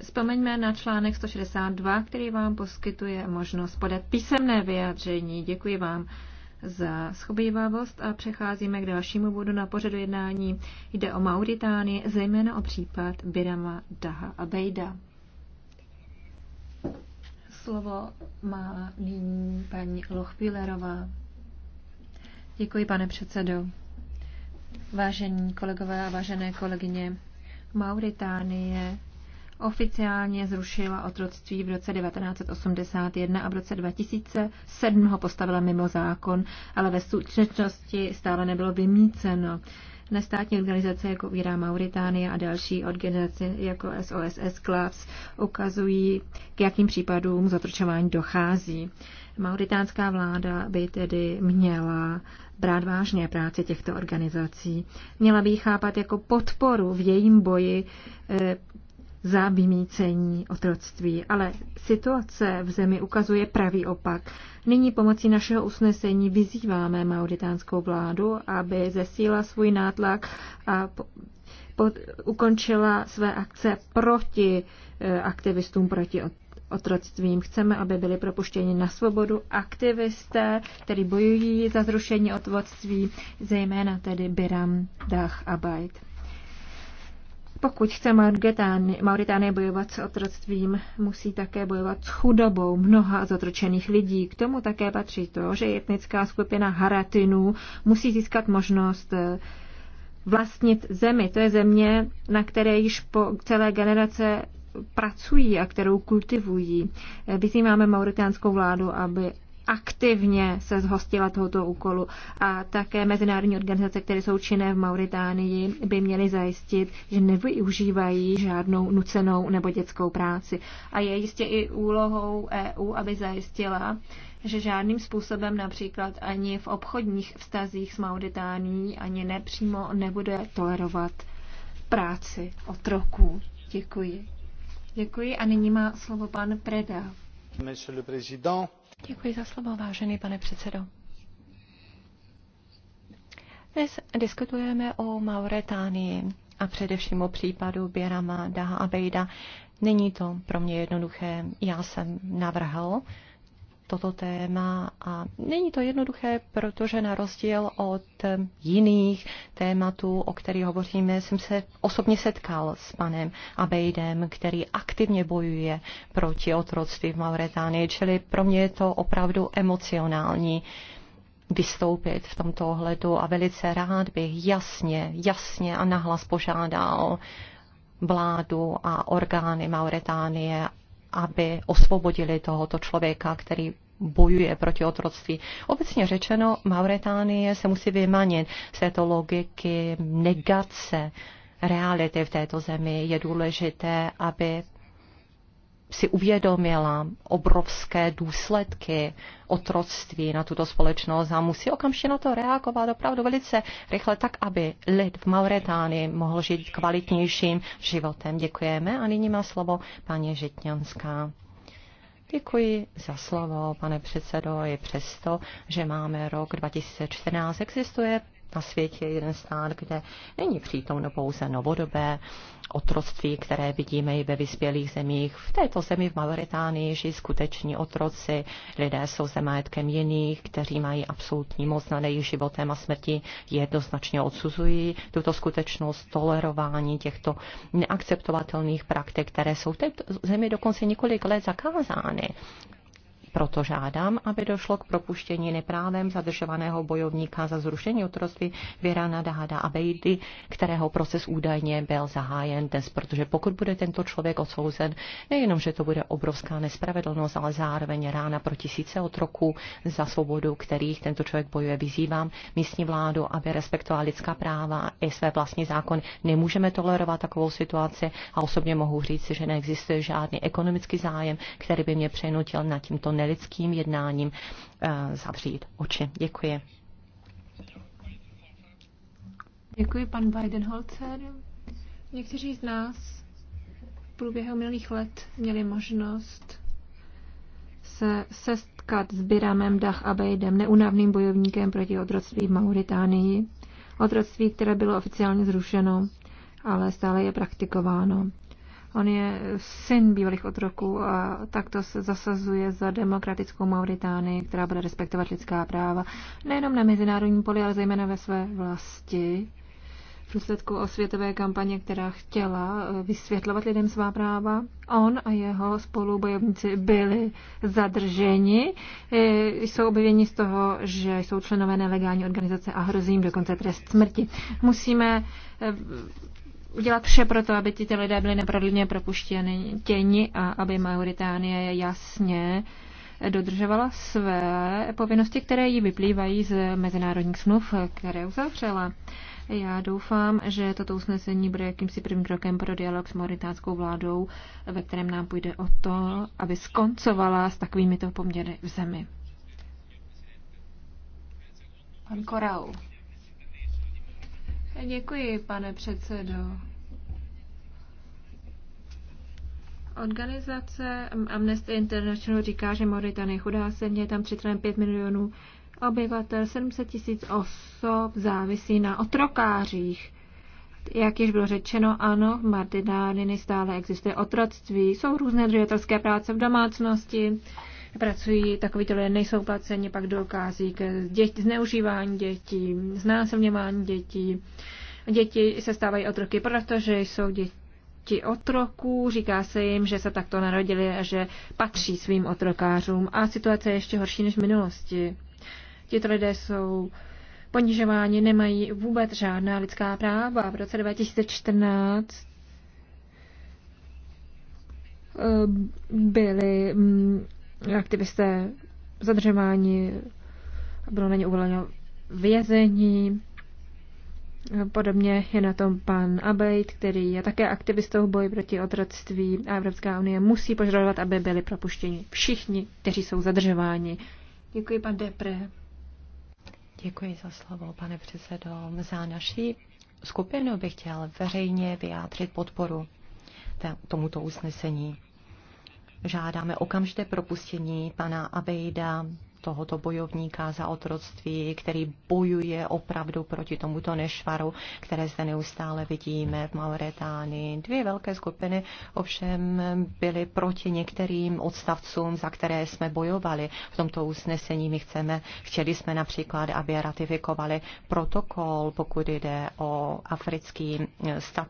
Vzpomeňme na článek 162, který vám poskytuje možnost podat písemné vyjádření. Děkuji vám za schobývavost a přecházíme k dalšímu bodu na pořadu jednání. Jde o Mauritánii, zejména o případ Birama Daha Abejda. Slovo má nyní paní Lochbílerová. Děkuji, pane předsedo. Vážení kolegové a vážené kolegyně, Mauritánie oficiálně zrušila otroctví v roce 1981 a v roce 2007 ho postavila mimo zákon, ale ve skutečnosti stále nebylo vymíceno. Nestátní organizace jako Víra Mauritánie a další organizace jako SOSS Clubs ukazují, k jakým případům zatrčování dochází. Mauritánská vláda by tedy měla brát vážně práci těchto organizací. Měla by ji chápat jako podporu v jejím boji eh, za vymícení otroctví, ale situace v zemi ukazuje pravý opak. Nyní pomocí našeho usnesení vyzýváme mauritánskou vládu, aby zesíla svůj nátlak a pod, ukončila své akce proti eh, aktivistům proti otroctvím. Chceme, aby byli propuštěni na svobodu aktivisté, kteří bojují za zrušení otroctví, zejména tedy Biram Dach Abajt. Pokud chce Mauritánie bojovat s otroctvím, musí také bojovat s chudobou mnoha zotročených lidí. K tomu také patří to, že etnická skupina Haratinů musí získat možnost eh, vlastnit zemi. To je země, na které již po celé generace pracují a kterou kultivují. Eh, vyzýváme mauritánskou vládu, aby aktivně se zhostila tohoto úkolu a také mezinárodní organizace, které jsou činné v Mauritánii, by měly zajistit, že nevyužívají žádnou nucenou nebo dětskou práci. A je jistě i úlohou EU, aby zajistila, že žádným způsobem například ani v obchodních vztazích s Mauritánií ani nepřímo nebude tolerovat práci otroků. Děkuji. Děkuji a nyní má slovo pan Preda. Monsieur le Président, Děkuji za slovo, vážený pane předsedo. Dnes diskutujeme o Mauretánii a především o případu Běrama Daha Abejda. Není to pro mě jednoduché. Já jsem navrhl toto téma a není to jednoduché, protože na rozdíl od jiných tématů, o kterých hovoříme, jsem se osobně setkal s panem Abejdem, který aktivně bojuje proti otroctví v Mauretánii, čili pro mě je to opravdu emocionální vystoupit v tomto ohledu a velice rád bych jasně, jasně a nahlas požádal vládu a orgány Mauretánie, aby osvobodili tohoto člověka, který bojuje proti otroctví. Obecně řečeno, Mauretánie se musí vymanit z této logiky negace reality v této zemi. Je důležité, aby si uvědomila obrovské důsledky otroctví na tuto společnost a musí okamžitě na to reagovat opravdu velice rychle, tak aby lid v Mauretánii mohl žít kvalitnějším životem. Děkujeme a nyní má slovo paní Žitňanská. Děkuji za slovo, pane předsedo. I přesto, že máme rok 2014, existuje na světě jeden stát, kde není přítomno pouze novodobé otroctví, které vidíme i ve vyspělých zemích. V této zemi v Mauritánii žijí skuteční otroci, lidé jsou se majetkem jiných, kteří mají absolutní moc nad jejich životem a smrti, jednoznačně odsuzují tuto skutečnost tolerování těchto neakceptovatelných praktik, které jsou v této zemi dokonce několik let zakázány. Proto žádám, aby došlo k propuštění neprávem zadržovaného bojovníka za zrušení otroství Virana Dáda Abejdy, kterého proces údajně byl zahájen dnes, protože pokud bude tento člověk odsouzen, nejenom, že to bude obrovská nespravedlnost, ale zároveň rána pro tisíce otroků za svobodu, kterých tento člověk bojuje. Vyzývám místní vládu, aby respektovala lidská práva i své vlastní zákon. Nemůžeme tolerovat takovou situaci a osobně mohu říct, že neexistuje žádný ekonomický zájem, který by mě přenutil na tímto nelidským jednáním eh, zavřít oči. Děkuji. Děkuji, pan Weidenholzer. Někteří z nás v průběhu minulých let měli možnost se sestkat s Biramem Dach Abejdem, neunavným bojovníkem proti otroctví v Mauritánii. Otroctví, které bylo oficiálně zrušeno, ale stále je praktikováno. On je syn bývalých otroků a takto se zasazuje za demokratickou Mauritánii, která bude respektovat lidská práva nejenom na mezinárodním poli, ale zejména ve své vlasti. V důsledku osvětové kampaně, která chtěla eh, vysvětlovat lidem svá práva, on a jeho spolubojovníci byli zadrženi. Eh, jsou obviněni z toho, že jsou členové nelegální organizace a hrozí jim dokonce trest smrti. Musíme eh, udělat vše pro to, aby tyto lidé byly neprodleně propuštěni těni a aby Mauritánie jasně dodržovala své povinnosti, které jí vyplývají z mezinárodních smluv, které uzavřela. Já doufám, že toto usnesení bude jakýmsi prvním krokem pro dialog s mauritánskou vládou, ve kterém nám půjde o to, aby skoncovala s takovými to poměry v zemi. Pan Korau. Děkuji, pane předsedo. Organizace Amnesty International říká, že Mauritanie je chudá země, tam 5 milionů obyvatel, 700 tisíc osob závisí na otrokářích. Jak již bylo řečeno, ano, v Martinániny stále existuje otroctví, jsou různé dřevatelské práce v domácnosti, pracují, takový lidé nejsou placeni, pak dokází k děti, zneužívání dětí, znásilňování dětí. Děti se stávají otroky, protože jsou děti otroků, říká se jim, že se takto narodili a že patří svým otrokářům a situace je ještě horší než v minulosti. Tito lidé jsou ponižováni, nemají vůbec žádná lidská práva. V roce 2014 eh, byly mm, aktivisté zadržování, bylo na ně uvoleno vězení. Podobně je na tom pan Abejt, který je také aktivistou v boji proti otroctví a Evropská unie musí požadovat, aby byli propuštěni všichni, kteří jsou zadržováni. Děkuji, pan Depre. Děkuji za slovo, pane předsedo. Za naší skupinu bych chtěl veřejně vyjádřit podporu tomuto usnesení žádáme okamžité propuštění pana Abejda tohoto bojovníka za otroctví, který bojuje opravdu proti tomuto nešvaru, které zde neustále vidíme v Mauretánii. Dvě velké skupiny ovšem byly proti některým odstavcům, za které jsme bojovali. V tomto usnesení my chceme, chtěli jsme například, aby ratifikovali protokol, pokud jde o, africký,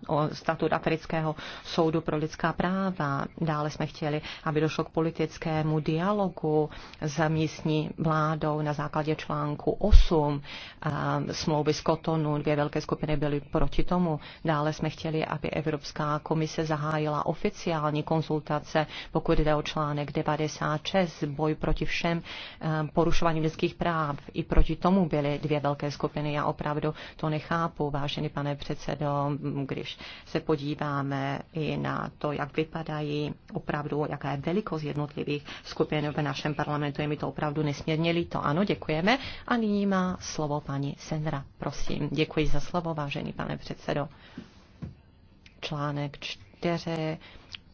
o statut Afrického soudu pro lidská práva. Dále jsme chtěli, aby došlo k politickému dialogu za místní vládou na základě článku 8 eh, smlouvy z Kotonu. Dvě velké skupiny byly proti tomu. Dále jsme chtěli, aby Evropská komise zahájila oficiální konzultace, pokud jde o článek 96, boj proti všem eh, porušování lidských práv. I proti tomu byly dvě velké skupiny. Já opravdu to nechápu, vážený pane předsedo, když se podíváme i na to, jak vypadají opravdu, jaká je velikost jednotlivých skupin v našem parlamentu, je mi to opravdu nesmírně líto. Ano, děkujeme. A nyní má slovo paní Senra. Prosím, děkuji za slovo, vážený pane předsedo. Článek 4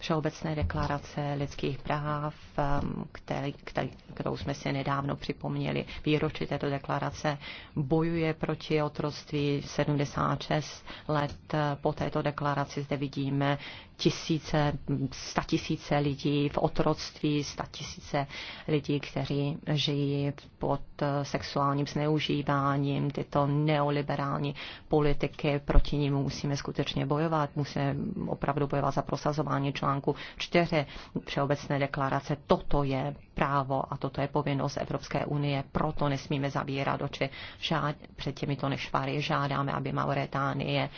Všeobecné deklarace lidských práv, um, který, který, kterou jsme si nedávno připomněli, výročí této deklarace, bojuje proti otroctví 76 let eh, po této deklaraci. Zde vidíme, tisíce, sta tisíce lidí v otroctví, tisíce lidí, kteří žijí pod sexuálním zneužíváním, tyto neoliberální politiky, proti ním musíme skutečně bojovat, musíme opravdu bojovat za prosazování článku 4 Všeobecné deklarace. Toto je právo a toto je povinnost Evropské unie, proto nesmíme zavírat oči žád, před těmito nešvary. Žádáme, aby Mauretánie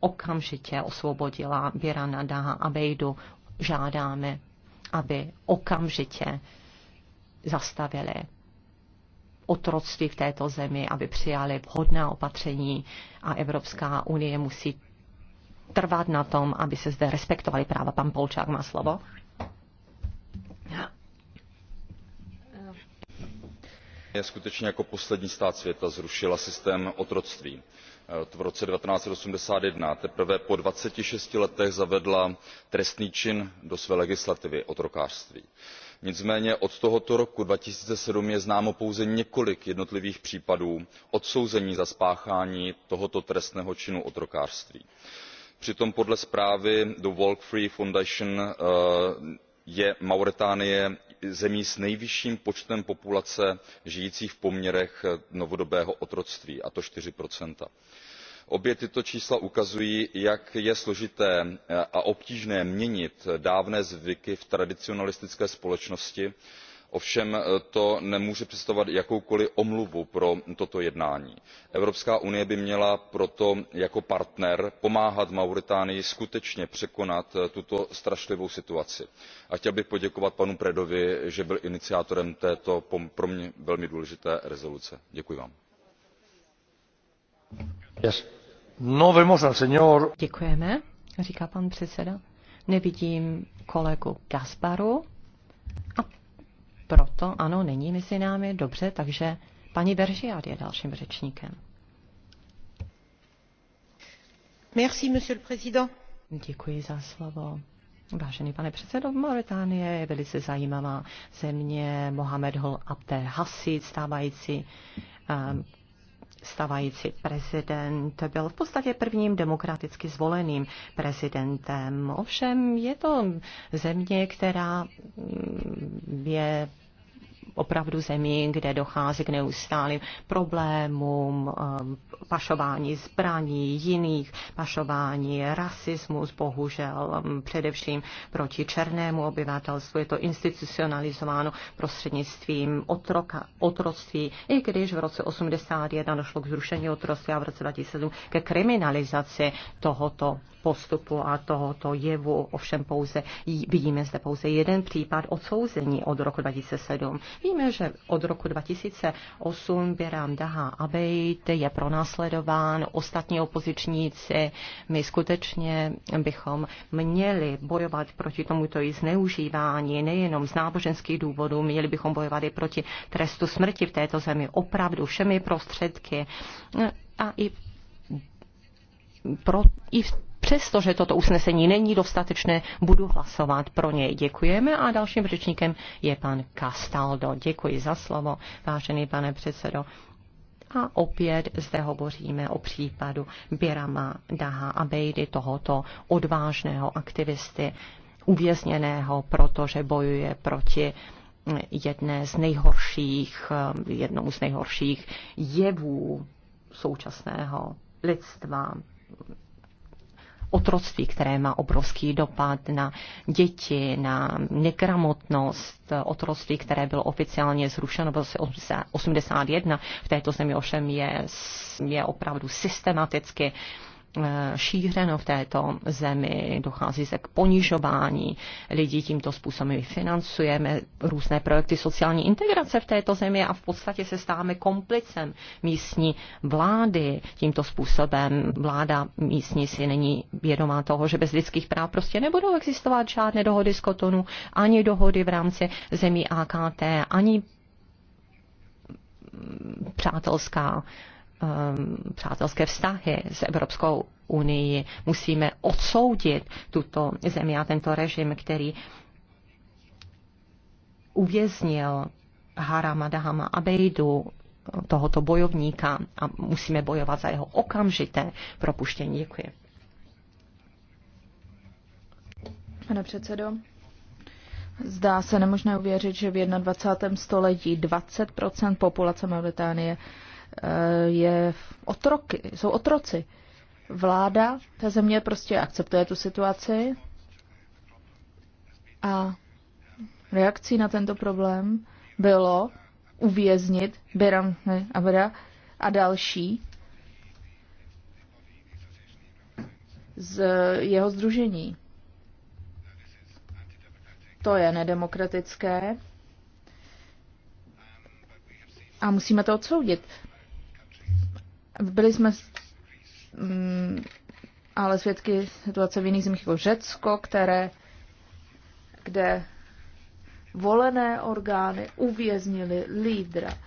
okamžitě osvobodila Biranada a Bejdu. Žádáme, aby okamžitě zastavili otroctví v této zemi, aby přijali vhodná opatření a Evropská unie musí trvat na tom, aby se zde respektovali práva. Pan Polčák má slovo. je skutečně jako poslední stát světa zrušila systém otroctví Eh, v roce one thousand nine hundred and eighty one teprve po twenty six letech zavedla trestný čin do své legislativy otrokářství. nicméně od tohoto roku two thousand and seven je známo pouze několik jednotlivých případů odsouzení za spáchání tohoto trestného činu otrokářství. přitom podle zprávy the walk free foundation eh, je mauritánie zemí s nejvyšším počtem populace žijící v poměrech novodobého otroctví a to four obě tato čísla ukazují jak je složité eh, a obtížné měnit dávné zvyky v tradicionalistické společnosti ovšem eh, to nemůže představovat jakoukoliv omluvu pro toto jednání. evropská unie by měla proto jako partner pomáhat mauritánii skutečně překonat eh, tuto strašlivou situaci a chtěl bych poděkovat panu predovi že byl iniciátorem této pro mě velmi důležité rezoluce. děkuji vám. No Děkujeme, říká pan předseda. Nevidím kolegu Gasparu proto, ano, není mezi námi, dobře, takže paní Beržiad je dalším řečníkem. Merci, monsieur le président. Děkuji za slovo. Vážený pane předsedo, Mauritánie je velice zajímavá země. Mohamed Hol Abte Hasid, stávající um, Stavající prezident byl v podstatě prvním demokraticky zvoleným prezidentem. Ovšem je to země, která je opravdu zemí, kde dochází k neustálým problémům, um, pašování zbraní, jiných pašování, rasismus, bohužel um, především proti černému obyvatelstvu. Je to institucionalizováno prostřednictvím otroka, otroctví, i když v roce 81 došlo k zrušení otroctví a v roce 2007 ke kriminalizaci tohoto postupu a tohoto jevu. Ovšem pouze vidíme zde pouze jeden případ odsouzení od roku 2007. Víme, že od roku 2008 Biram Daha Abejt je pronásledován, ostatní opozičníci. My skutečně bychom měli bojovat proti tomuto i zneužívání, nejenom z náboženských důvodů, měli bychom bojovat i proti trestu smrti v této zemi opravdu všemi prostředky a i pro, i v Přestože toto usnesení není dostatečné, budu hlasovat pro něj. Děkujeme a dalším řečníkem je pan Castaldo. Děkuji za slovo, vážený pane předsedo. A opět zde hovoříme o případu Birama Daha Abejdy, tohoto odvážného aktivisty, uvězněného, protože bojuje proti jedné z nejhorších, jednou z nejhorších jevů současného lidstva, otroctví, které má obrovský dopad na děti, na negramotnost, eh, otroctví, které bylo oficiálně zrušeno v roce 81. V této zemi ovšem je, je opravdu systematicky Eh, šířeno v této zemi, dochází se k ponižování lidí tímto způsobem. Financujeme různé projekty sociální integrace v této zemi a v podstatě se stáváme komplicem místní vlády tímto způsobem. Vláda místní si není vědomá toho, že bez lidských práv prostě nebudou existovat žádné dohody z Kotonu, ani dohody v rámci zemí AKT, ani mm, přátelská uh, Um, přátelské vztahy s Evropskou unii. Musíme odsoudit tuto zemi a tento režim, který uvěznil Harama Dahama Abejdu, tohoto bojovníka a musíme bojovat za jeho okamžité propuštění. Děkuji. Pane předsedo, zdá se nemožné uvěřit, že v 21. století 20 populace Mauritánie Eh, je otroky, jsou otroci. Vláda té země prostě akceptuje tu situaci a reakcí na tento problém bylo uvěznit Biram Abada a další z jeho združení. To je nedemokratické a musíme to odsoudit. Byli jsme mm, ale svědky situace v jiných zemích jako Řecko, které, kde volené orgány uvěznili lídra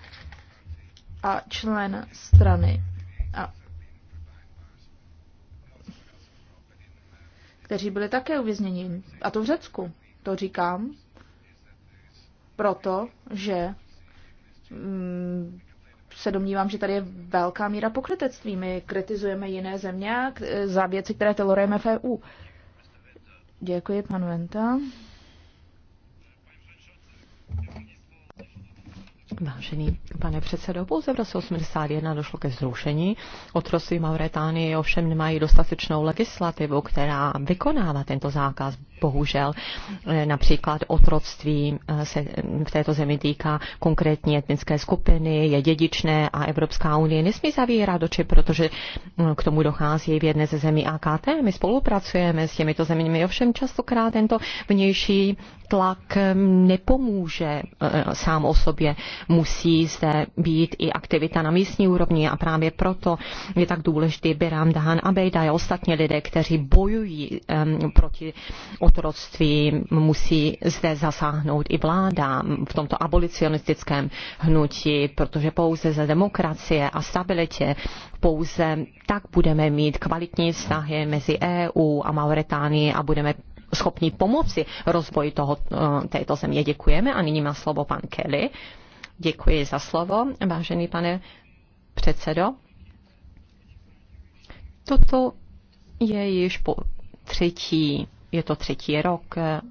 a člena strany, a, kteří byli také uvězněni. A to v Řecku. To říkám proto, že mm, se domnívám, že tady je velká míra pokrytectví. My kritizujeme jiné země za věci, které telorujeme v EU. Děkuji, pan Venta. Vážený pane předsedo, pouze v roce 81 došlo ke zrušení. Otrosy Mauretánie ovšem nemají dostatečnou legislativu, která vykonává tento zákaz. Bohužel eh, například otroctví eh, se v této zemi týká konkrétní etnické skupiny, je dědičné a Evropská unie nesmí zavírat oči, protože hm, k tomu dochází v jedné ze zemí AKT. My spolupracujeme s těmito zeměmi, ovšem častokrát tento vnější tlak hm, nepomůže eh, sám o sobě musí zde být i aktivita na místní úrovni a právě proto je tak důležitý Biram Dahan Abejda a ostatní lidé, kteří bojují um, proti otroctví, musí zde zasáhnout i vláda v tomto abolicionistickém hnutí, protože pouze za demokracie a stabilitě pouze tak budeme mít kvalitní vztahy mezi EU a Mauretánií a budeme schopni pomoci rozvoji toho, eh, této země. Děkujeme a nyní má slovo pan Kelly. Děkuji za slovo, vážený pane předsedo. Toto je již po třetí, je to třetí rok, eh,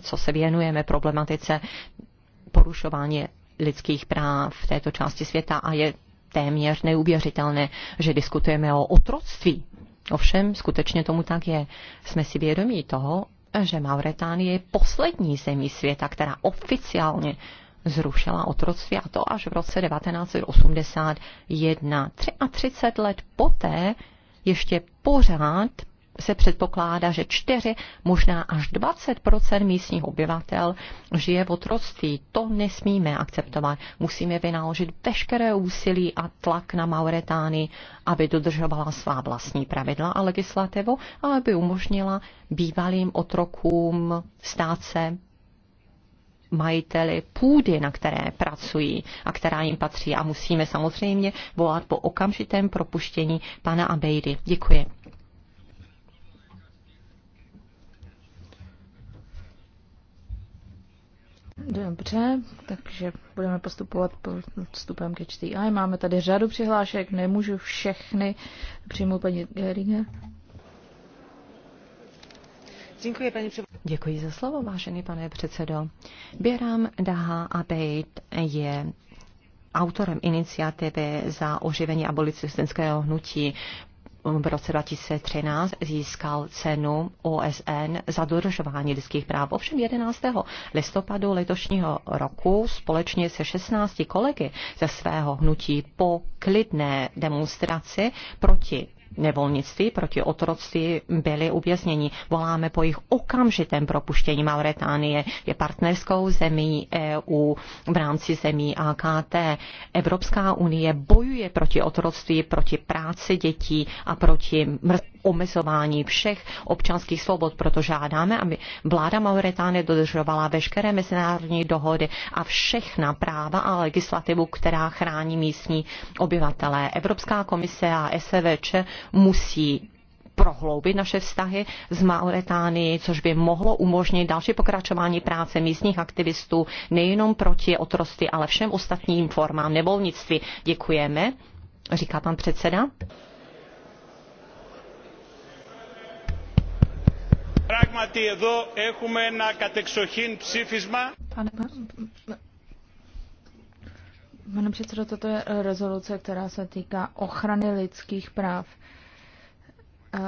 co se věnujeme problematice porušování lidských práv v této části světa a je téměř neuvěřitelné, že diskutujeme o otroctví. Ovšem, skutečně tomu tak je. Jsme si vědomí toho, že Mauretánie je poslední zemí světa, která oficiálně zrušila otroctví a to až v roce 1981. 33 let poté ještě pořád se předpokládá, že 4, možná až 20 místních obyvatel žije v otroctví. To nesmíme akceptovat. Musíme vynaložit veškeré úsilí a tlak na Mauretány, aby dodržovala svá vlastní pravidla a legislativu a aby umožnila bývalým otrokům stát se majiteli půdy, na které pracují a která jim patří. A musíme samozřejmě volat po okamžitém propuštění pana Abejdy. Děkuji. Dobře, takže budeme postupovat postupem ke HDI. Máme tady řadu přihlášek, nemůžu všechny přijmout paní Geringer. Děkuji, za slovo, vážený pane předsedo. Běram Daha Abeid je autorem iniciativy za oživení abolicistického hnutí v roce 2013 získal cenu OSN za dodržování lidských práv. Ovšem 11. listopadu letošního roku společně se 16 kolegy ze svého hnutí po klidné demonstraci proti nevolnictví, proti otroctví byli uvězněni. Voláme po jejich okamžitém propuštění. Mauretánie je partnerskou zemí EU v rámci zemí AKT. Evropská unie bojuje proti otroctví, proti práci dětí a proti mrtvým omezování všech občanských svobod. Proto žádáme, aby vláda Mauritány dodržovala veškeré mezinárodní dohody a všechna práva a legislativu, která chrání místní obyvatelé. Evropská komise a SVČ musí prohloubit naše vztahy s Mauretánií, což by mohlo umožnit další pokračování práce místních aktivistů nejenom proti otrosti, ale všem ostatním formám nevolnictví. Děkujeme, říká pan předseda. Πράγματι εδώ έχουμε ένα κατεξοχήν ψήφισμα. Pane, předsedo, toto je rezoluce, která se týká ochrany lidských práv. A,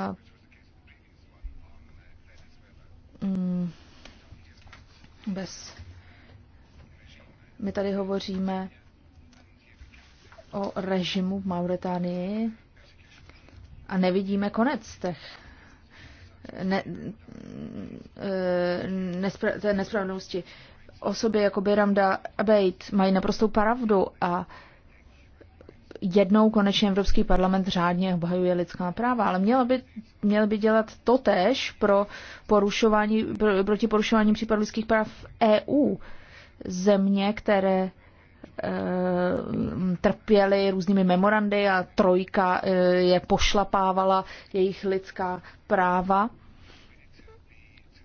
mm, bez. My tady hovoříme o režimu v Mauretánii a nevidíme konec těch ne, eh, nespra, té nespravedlnosti. Osoby jako Biramda Abeit mají naprostou pravdu a jednou konečně Evropský parlament řádně obhajuje lidská práva, ale měl by, měl by dělat to tež pro porušování, pro, proti porušování případů lidských práv v EU. Země, které e, trpěly různými memorandy a trojka e, je pošlapávala jejich lidská práva.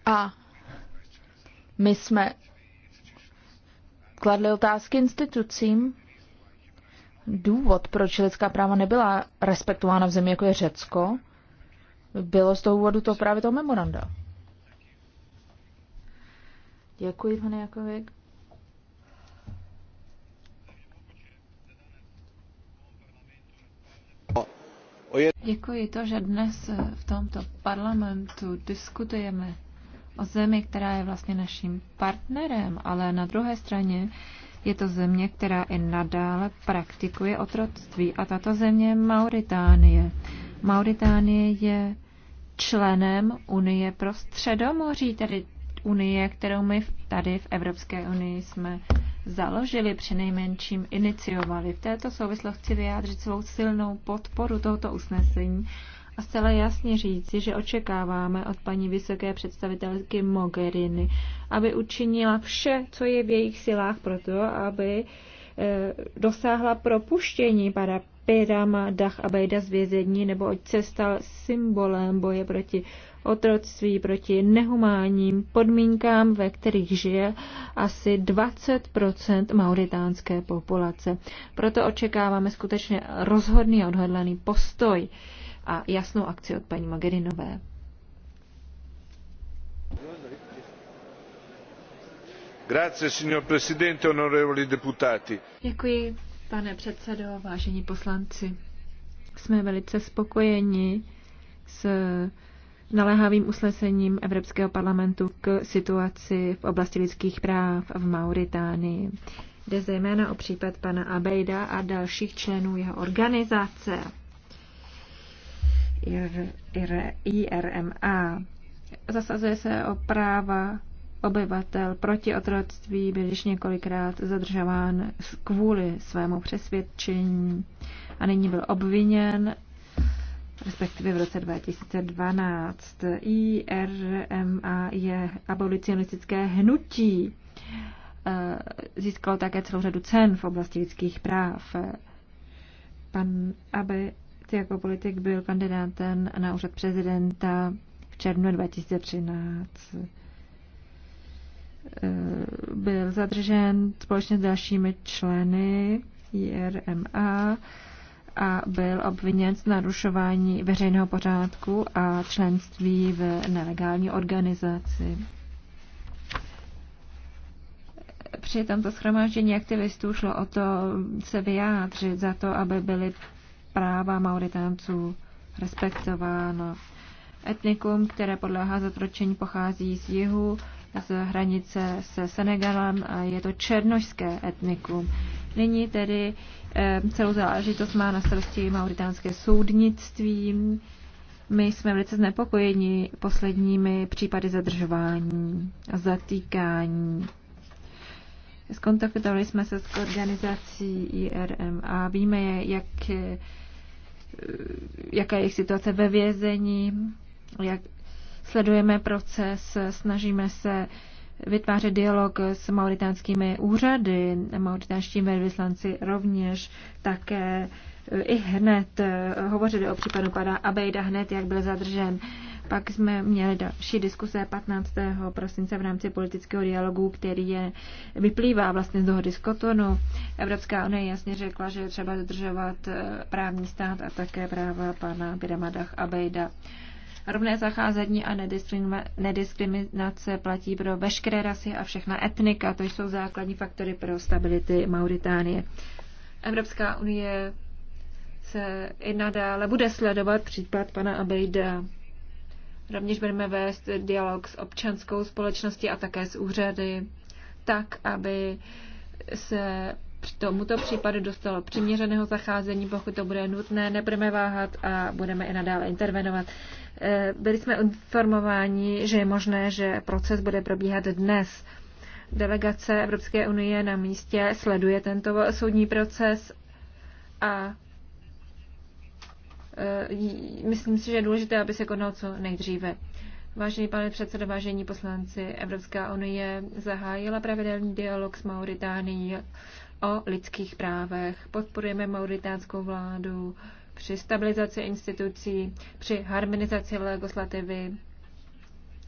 A my jsme kladli otázky institucím. Důvod, proč lidská práva nebyla respektována v zemi, jako je Řecko, bylo z toho úvodu to právě to memoranda. Děkuji, pane Jakověk. Děkuji to, že dnes v tomto parlamentu diskutujeme o zemi, která je vlastně naším partnerem, ale na druhé straně je to země, která i nadále praktikuje otroctví. A tato země je Mauritánie. Mauritánie je členem Unie pro středomoří, tedy Unie, kterou my tady v Evropské unii jsme založili, při nejmenším iniciovali. V této souvislosti chci vyjádřit svou silnou podporu tohoto usnesení a zcela jasně říci, že očekáváme od paní vysoké představitelky Mogherini, aby učinila vše, co je v jejich silách proto, aby eh, dosáhla propuštění para Pirama Dach Bejda z vězení, nebo ať se stal symbolem boje proti otroctví, proti nehumánním podmínkám, ve kterých žije asi 20 mauritánské populace. Proto očekáváme skutečně rozhodný a odhodlaný postoj a jasnou akci od paní Magerinové. Děkuji, pane předsedo, vážení poslanci. Jsme velice spokojeni s naléhavým usnesením Evropského parlamentu k situaci v oblasti lidských práv v Mauritánii. Jde zejména o případ pana Abejda a dalších členů jeho organizace. IRMA. Zasazuje se o práva obyvatel proti otroctví, byl již několikrát zadržován kvůli svému přesvědčení a nyní byl obviněn, respektive v roce 2012. IRMA je abolicionistické hnutí. Eh, získalo také celou řadu cen v oblasti lidských práv. Pan Abe Prostě jako politik byl kandidátem na úřad prezidenta v červnu 2013. Eh, byl zadržen společně s dalšími členy IRMA a byl obviněn z narušování veřejného pořádku a členství v nelegální organizaci. Při tomto schromáždění aktivistů šlo o to se vyjádřit za to, aby byly práva Mauritánců respektováno. Etnikum, které podléhá zatročení, pochází z jihu, z hranice se Senegalem a je to černožské etnikum. Nyní tedy eh, celou záležitost má na starosti mauritánské soudnictví. My jsme velice znepokojeni posledními případy zadržování a zatýkání. Skontaktovali jsme se s organizací IRM a víme, jak jaká je jejich situace ve vězení, jak sledujeme proces, snažíme se vytvářet dialog s mauritánskými úřady, mauritánští vyslanci rovněž také eh, i hned eh, hovořili o případu pana Abejda hned, jak byl zadržen. Pak jsme měli další diskuse 15. prosince v rámci politického dialogu, který je, vyplývá vlastně z dohody z Kotonu. Evropská unie jasně řekla, že je třeba dodržovat eh, právní stát a také práva pana Piramadach Abejda. Rovné zacházení a nediskriminace platí pro veškeré rasy a všechna etnika. To jsou základní faktory pro stability Mauritánie. Evropská unie se i nadále bude sledovat případ pana Abejda Rovněž budeme vést dialog s občanskou společností a také s úřady, tak, aby se tomuto případu dostalo přiměřeného zacházení, pokud to bude nutné, nebudeme váhat a budeme i nadále intervenovat. Eh, byli jsme informováni, že je možné, že proces bude probíhat dnes. Delegace Evropské unie na místě sleduje tento soudní proces a Eh, myslím si, že je důležité, aby se konalo co nejdříve. Vážený pane předsedo, vážení poslanci, Evropská unie zahájila pravidelný dialog s Mauritánií o lidských právech. Podporujeme mauritánskou vládu při stabilizaci institucí, při harmonizaci legislativy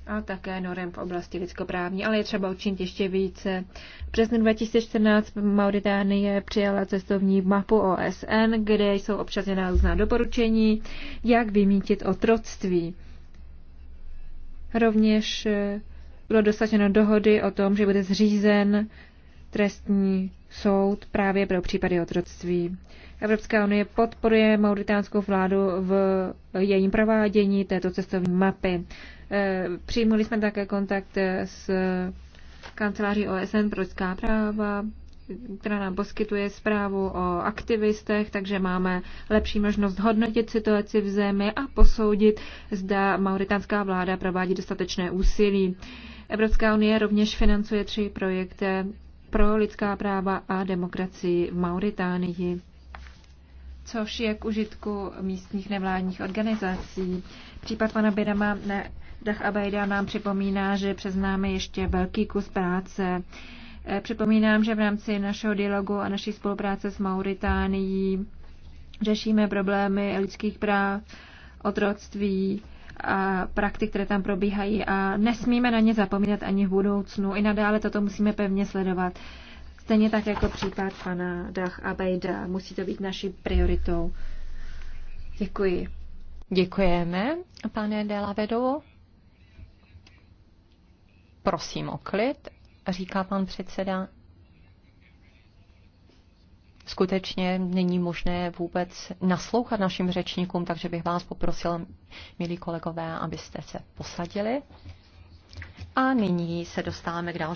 a také norem v oblasti lidskoprávní, ale je třeba učinit ještě více. V březnu 2014 Mauritánie přijala cestovní mapu OSN, kde jsou občasněná různá doporučení, jak vymítit otroctví. Rovněž eh, bylo dosaženo dohody o tom, že bude zřízen trestní soud právě pro případy otroctví. Evropská unie podporuje mauritánskou vládu v jejím provádění této cestovní mapy. E, přijmuli jsme také kontakt s kanceláří OSN pro lidská práva, která nám poskytuje zprávu o aktivistech, takže máme lepší možnost hodnotit situaci v zemi a posoudit, zda mauritánská vláda provádí dostatečné úsilí. Evropská unie rovněž financuje tři projekty pro lidská práva a demokracii v Mauritánii, což je k užitku místních nevládních organizací. Případ pana Birama na Dach Abejda nám připomíná, že přes námi ještě velký kus práce. Eh, připomínám, že v rámci našeho dialogu a naší spolupráce s Mauritánií řešíme problémy lidských práv, otroctví, a praktik, které tam probíhají a nesmíme na ně zapomínat ani v budoucnu. I nadále toto musíme pevně sledovat. Stejně tak jako případ pana Dach a Bejda. Musí to být naší prioritou. Děkuji. Děkujeme, pane Delavedovo. Prosím o klid, říká pan předseda skutečně není možné vůbec naslouchat našim řečníkům, takže bych vás poprosila, milí kolegové, abyste se posadili. A nyní se dostáváme k dalšímu.